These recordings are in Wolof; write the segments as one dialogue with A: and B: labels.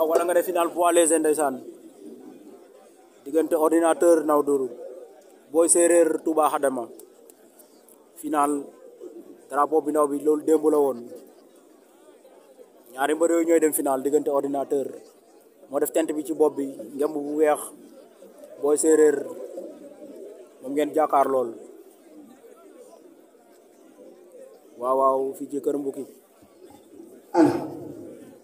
A: waaw wala nga def final poids léger ndeysaan diggante ordinateur Nawduru booy séeréer Touba Xadama final drapeau bi ndaw bi loolu démb la woon ñaari Nyari yooyu dem final diggante ordinateur moo def tent bi ci bopp bi ngemb bu weex boy séeréer moom ngeen jàkkaar lool waaw waaw fii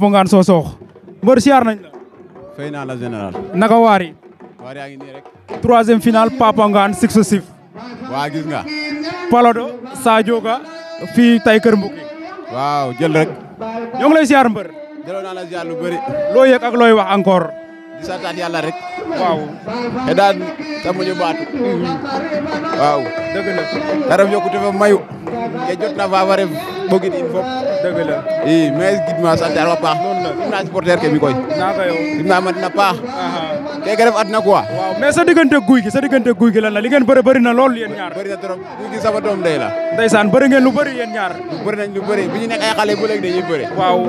A: Bongaan sosok, mbër siyaar nañ la. fay naa la général. naka waari. waari ngi rek. troisième final Papa Ngane successif. waa gis nga. Palado Sadio Ga fii tay Kër mbuk waaw jël rek. ñoo ngi lay siyaar mbër. jëloon naa la siyaar lu bëri. loo ak looy wax encore. di santaat yàlla rek. Wow. Edan daan tam ñu baatu. waaw. dëgg la. dara yokkute fa mayu. te jot na faa moo info. dëgg la i mais gid ma sant Yàlla paax noonu la gid naa supporter ke mi koy naka yow gid naa man na paax keke ref adna quoi waaw mais sa diggante guy gi sa diggante guy gi lan la li ngeen bëri bëri na lool yéen ñaar bëri na trop guy gi sama doom day la ndeysaan bëri ngeen lu bëri yéen ñaar bëri nañ lu bëri bi ñu nekk ay xale bu léegi dañuy bëri waaw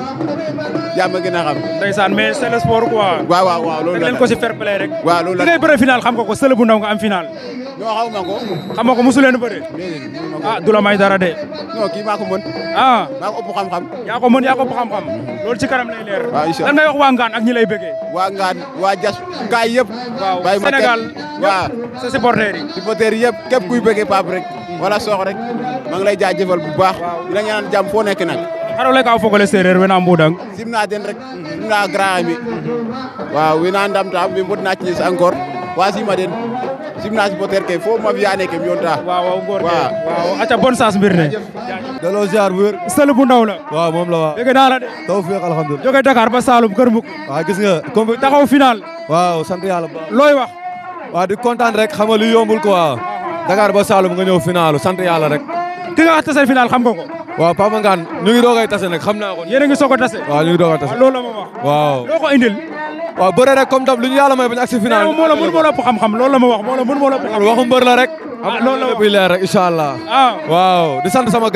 A: yaa ma gën a xam ndeysaan mais c'est le sport quoi waaw waaw waaw loolu la leen ko si fair play rek waaw loolu la ngay bëri final xam nga ko sële bu ndaw nga am final non xaw ma ko xam nga ko ah du la may dara de non kii maa ko ah maa ko ëpp xam-xam yaa ko mën yaa xam-xam loolu ci kanam lay leer waaw incha waa Ngane ak ñi lay bëggee waa Ngane waa jas gaay yëpp waaw Sénégal waaw sa supporters yi supporters yëpp képp kuy bëggee Pape rek wala Sokh rek maa ngi lay jaajëfal bu baax di la ñaan jàmm foo nekk nag xaro le ka fogole sereer wena mbudang simna den rek simna grand ami waaw wena ndam tam mi mbodna ci encore wasima den gymnase Poter kay fo mafia ne kay yonta waaw ngor kay waaw aca bonne chance mbir bu wér sel bu ndaw la waaw moom la waaw dégg naa la de tawfiq alhamdulilah jóge Dakar ba Saloum Kër Mbuk waaw gis nga comme taxaw final yàlla ba looy wax waaw di kontaan rek xam nga lu yombul quoi Dakar ba Saloum nga ñëw finalu sant yàlla rek ki nga tase final xam nga ko waaw Papa Ngane ñu ngi doogay tase nag xam naa ko yéen ngi soo a tase waaw ñu ngi doog a tase loolu la ma wax waaw loo waaw bëre rek comme dab lu ñu yàlla may bañ agsi final moo la mën moo la xam-xam loolu la ma wax moo la mën moo la xam waxu mbër la rek ah, loolu lépp leer rek incha allah ah. waaw di sant sama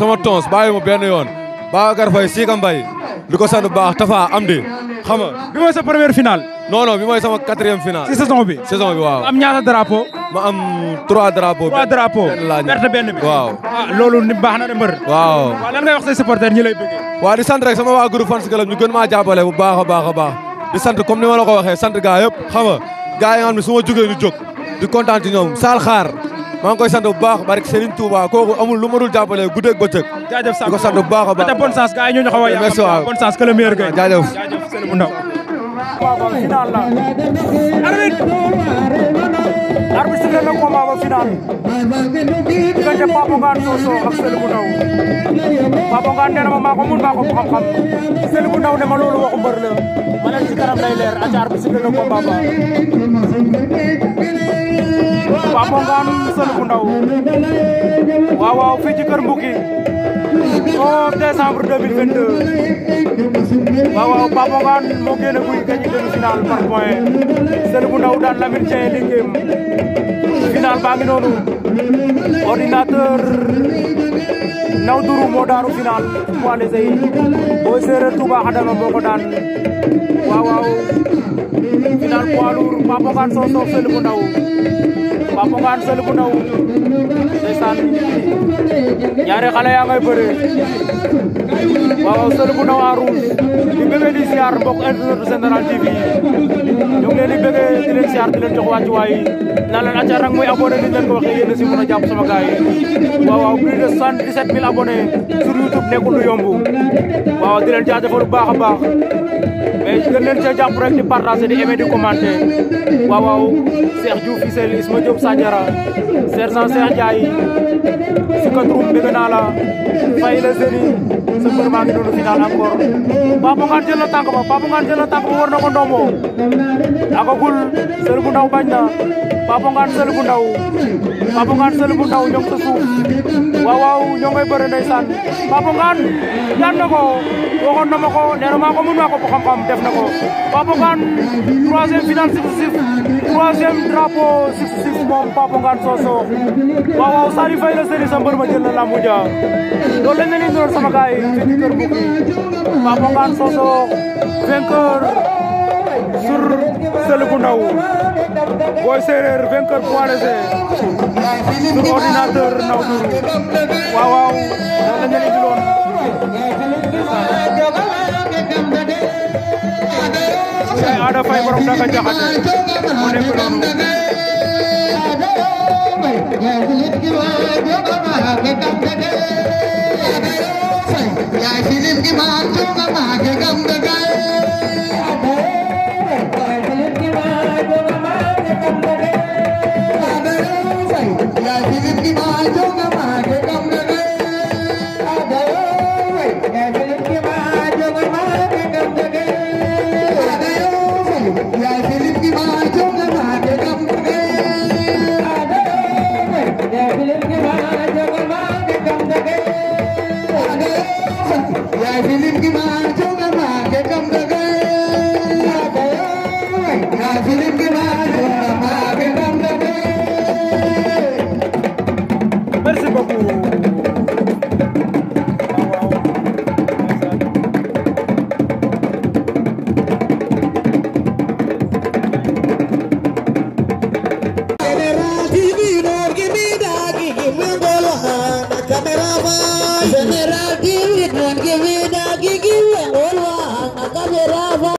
A: sama tons bàyyi ma benn yoon Babacar Faye Sika Mbaye di ko sant baax Tafa Amdi xam nga bi mooy sa première finale non non bi mooy sama quatrième finale. ci saison bi saison bi waaw. am ñaata drapeau. ma am trois drapeaux. trois drapeaux benn waaw. Ah, loolu ni baax na de mbër. waaw waaw lan ngay wax say supporters ñi di sant rek sama waa groupe fans club ñu gën maa jàppale bu baax a baax baax di sant comme ni ma la ko waxee sant gaa yëpp xam nga gaa yi nga xam ne su jóg di kontaan ci ñoom Saal Xaar maa ngi koy sant bu baax barke Serigne Touba kooku amul lu ma dul jàppale guddeeg bëccëg. jaajëf Sakho di ko sant bu baax a baax. bonne chance gaa a. combat ba final la arbitre arbitre sifflé na combat ba final diggante Papo Ngane Soso ak a bu Ndaw Papo Ngane nee na ma maa ko mun maa ko xam-xam Sele bu ne ma loolu waxu mbër ma leen ci kanam leer aca arbitre sifflé na combat ba Papo Ngane Sele bu Ndaw 11 décembre 2022 waaw waaw Papa Ngane moo génn guy gagné demi-finale par point Seul bu ndaw daan Lamine Dieng liggéeyam final baa ngi noonu Nawdourou moo daaru final poids léger yi Boy Séeréer Touba Adama moo ko daan waaw waaw final poids lourd Papo Ngane Sossox Sëli bu ndaw Papo yaa ngay bëre waaw waaw Sëli bu ndaw en di siyaar mbokk internet Général TV ñu ngi leen di siyaar di leen jox wàccuwaay yi naan leen acca rek muy abonné ko waxee yéen a si mën a jàpp sama gars yi waaw de cent dix-sept mille abonnés sur YouTube nekkul lu yomb waaw di leen jaajëfal bu baax a baax mais gën leen cee di partager di aimer di commenter waaw waaw Fissel Isma Diop Sandiara sergent Cheikh Ndiaye si ko trouve bëgg naa la final encore Papongan Ngane jël papongan tànk ba Papo Ngane jël na tànk ba papongan na papongan ndombo agagul sel bu ndaw papongan, sel bu ndaw xam-xam def na ko Papa Ngane troisième finale successive troisième drapeau successif moom Papa Ngane Sossox waaw waaw la sëriñ sa mbër na làmbu ja loolu lañ leen doon sama gars yi fii ci kër sur Selikou Ndaw Boy Séeréer vainqueur point sur ordinateur Ndaw Ndour waaw waaw loolu lañ leen ada fiber of daga jahat mone kulon Ya silim ki maat chunga maage gam dagae